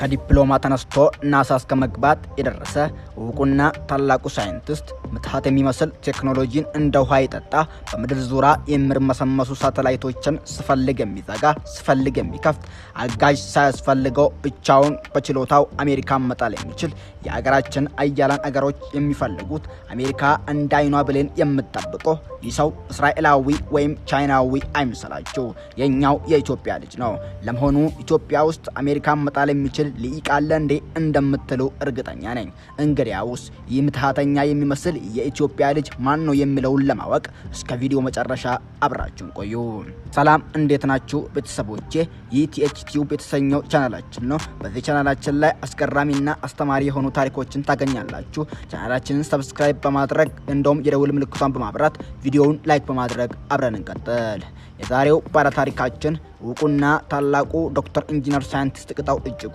ከዲፕሎማ ተነስቶ ናሳ እስከ መግባት የደረሰ እውቁና ታላቁ ሳይንቲስት ምትሃት የሚመስል ቴክኖሎጂን እንደ ውሃ የጠጣ በምድር ዙራ የሚርመሰመሱ ሳተላይቶችን ስፈልግ የሚዘጋ ስፈልግ የሚከፍት አጋዥ ሳያስፈልገው ብቻውን በችሎታው አሜሪካን መጣል የሚችል የሀገራችን አያላን አገሮች የሚፈልጉት አሜሪካ እንደ አይኗ ብሌን የምትጠብቀው ይህ ሰው እስራኤላዊ ወይም ቻይናዊ አይምሰላችሁ፣ የእኛው የኢትዮጵያ ልጅ ነው። ለመሆኑ ኢትዮጵያ ውስጥ አሜሪካን መጣል የሚችል የሚመስል ሊቅ አለ እንዴ እንደምትሉ እርግጠኛ ነኝ። እንግዲያውስ ይህ ምትሃተኛ የሚመስል የኢትዮጵያ ልጅ ማን ነው የሚለውን ለማወቅ እስከ ቪዲዮ መጨረሻ አብራችሁን ቆዩ። ሰላም፣ እንዴት ናችሁ ቤተሰቦቼ? ይህ ቲኤች ቲዩብ የተሰኘው ቻናላችን ነው። በዚህ ቻናላችን ላይ አስገራሚና አስተማሪ የሆኑ ታሪኮችን ታገኛላችሁ። ቻናላችንን ሰብስክራይብ በማድረግ እንደውም የደውል ምልክቷን በማብራት ቪዲዮውን ላይክ በማድረግ አብረን እንቀጥል። የዛሬው ባለታሪካችን ውቁና ታላቁ ዶክተር ኢንጂነር ሳይንቲስት ቅጣው እጅጉ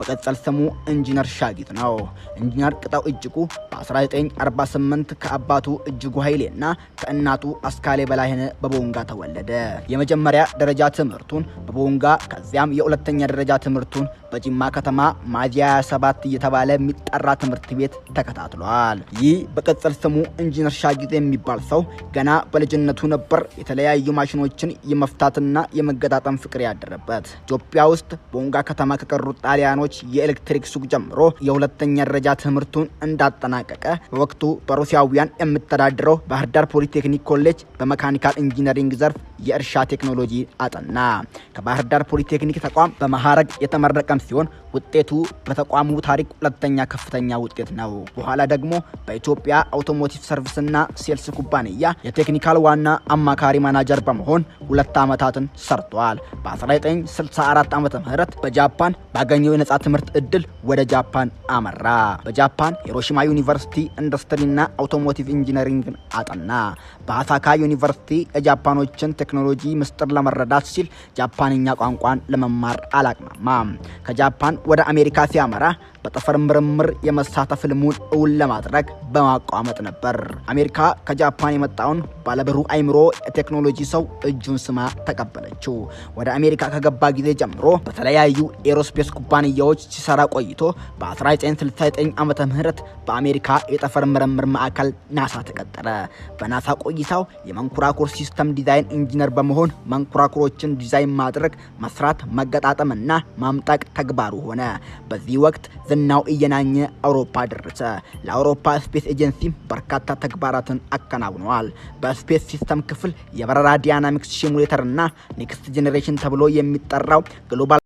በቀጸል ስሙ ኢንጂነር ሻጊጥ ነው። ኢንጂነር ቅጣው እጅጉ በ1948 ከአባቱ እጅጉ ኃይሌና ከእናቱ አስካሌ በላይነህ በቦንጋ ተወለደ። የመጀመሪያ ደረጃ ትምህርቱን በቦንጋ ከዚያም የሁለተኛ ደረጃ ትምህርቱን በጂማ ከተማ ማዚያ 27 እየተባለ የሚጠራ ትምህርት ቤት ተከታትሏል። ይህ በቅጽል ስሙ ኢንጂነር ሻጊጥ የሚባል ሰው ገና በልጅነቱ ነበር የተለያዩ ማሽኖችን የመፍታትና የመገጣጠም ፍቅር ያደረበት። ኢትዮጵያ ውስጥ ቦንጋ ከተማ ከቀሩት ጣሊያኖች መኪናዎች የኤሌክትሪክ ሱቅ ጀምሮ የሁለተኛ ደረጃ ትምህርቱን እንዳጠናቀቀ በወቅቱ በሩሲያውያን የምተዳድረው ባህር ዳር ፖሊቴክኒክ ኮሌጅ በመካኒካል ኢንጂነሪንግ ዘርፍ የእርሻ ቴክኖሎጂ አጠና። ከባህር ዳር ፖሊቴክኒክ ተቋም በማዕረግ የተመረቀም ሲሆን ውጤቱ በተቋሙ ታሪክ ሁለተኛ ከፍተኛ ውጤት ነው። በኋላ ደግሞ በኢትዮጵያ አውቶሞቲቭ ሰርቪስና ሴልስ ኩባንያ የቴክኒካል ዋና አማካሪ ማናጀር በመሆን ሁለት ዓመታትን ሰርቷል። በ1964 ዓ ም በጃፓን ባገኘው የነጻ ትምህርት እድል ወደ ጃፓን አመራ። በጃፓን ሂሮሺማ ዩኒቨርሲቲ ኢንዱስትሪና አውቶሞቲቭ ኢንጂነሪንግን አጠና። በአሳካ ዩኒቨርሲቲ የጃፓኖችን ቴክኖሎጂ ምስጢር ለመረዳት ሲል ጃፓንኛ ቋንቋን ለመማር አላቅማማም። ከጃፓን ወደ አሜሪካ ሲያመራ በጠፈር ምርምር የመሳተፍ ልሙን እውን ለማድረግ በማቋመጥ ነበር። አሜሪካ ከጃፓን የመጣውን ባለብሩህ አይምሮ የቴክኖሎጂ ሰው እጁን ስማ ተቀበለችው። ወደ አሜሪካ ከገባ ጊዜ ጀምሮ በተለያዩ ኤሮስፔስ ኩባንያዎች ሲሰራ ቆይቶ በ1969 ዓመተ ምህረት በአሜሪካ የጠፈር ምርምር ማዕከል ናሳ ተቀጠረ። በናሳ ቆይታው የመንኮራኩር ሲስተም ዲዛይን እንጂ ኢንጂነር በመሆን መንኮራኩሮችን ዲዛይን ማድረግ፣ መስራት፣ መገጣጠም እና ማምጠቅ ተግባሩ ሆነ። በዚህ ወቅት ዝናው እየናኘ አውሮፓ ደረሰ። ለአውሮፓ ስፔስ ኤጀንሲ በርካታ ተግባራትን አከናውነዋል። በስፔስ ሲስተም ክፍል የበረራ ዳይናሚክስ ሲሙሌተር እና ኔክስት ጄኔሬሽን ተብሎ የሚጠራው ግሎባል